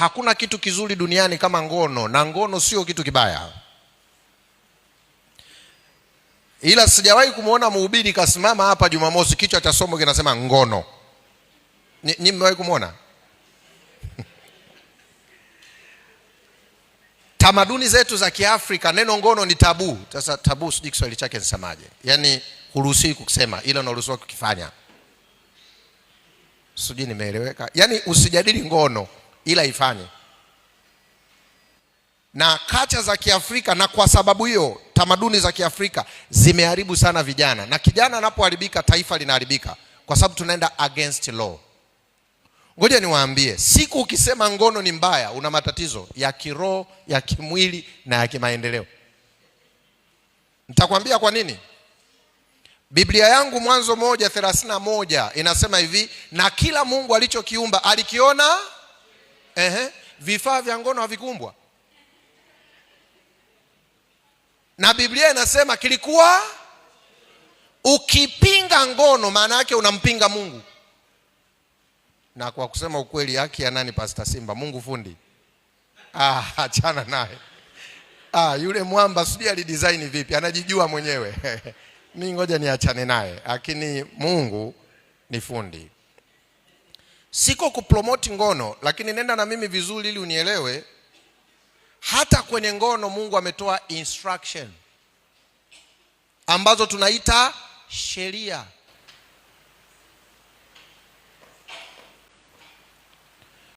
Hakuna kitu kizuri duniani kama ngono, na ngono sio kitu kibaya, ila sijawahi kumwona mhubiri kasimama hapa Jumamosi kichwa cha somo kinasema ngono. Ni mmewahi kumwona? Tamaduni zetu za Kiafrika neno ngono ni tabu. Sasa tabu, sijui Kiswahili chake nisemaje? Yaani huruhusiwi kusema, ila unaruhusiwa kukifanya. Sijui nimeeleweka? Yaani usijadili ngono ila ifanye na kacha za Kiafrika. Na kwa sababu hiyo tamaduni za Kiafrika zimeharibu sana vijana, na kijana anapoharibika taifa linaharibika, kwa sababu tunaenda against law. Ngoja niwaambie, siku ukisema ngono ni mbaya, una matatizo ya kiroho, ya kimwili na ya kimaendeleo. Nitakwambia kwa nini. Biblia yangu Mwanzo moja thelathini na moja inasema hivi, na kila Mungu alichokiumba alikiona Ehe, vifaa vya ngono havikumbwa na Biblia inasema kilikuwa. Ukipinga ngono, maana yake unampinga Mungu. Na kwa kusema ukweli, haki ya nani? Pastor Simba, Mungu fundi? Ah, achana naye. Ah, yule mwamba sijui alidesign vipi, anajijua mwenyewe mi ngoja niachane naye, lakini Mungu ni fundi. Siko kupromoti ngono, lakini nenda na mimi vizuri ili unielewe. Hata kwenye ngono Mungu ametoa instruction ambazo tunaita sheria.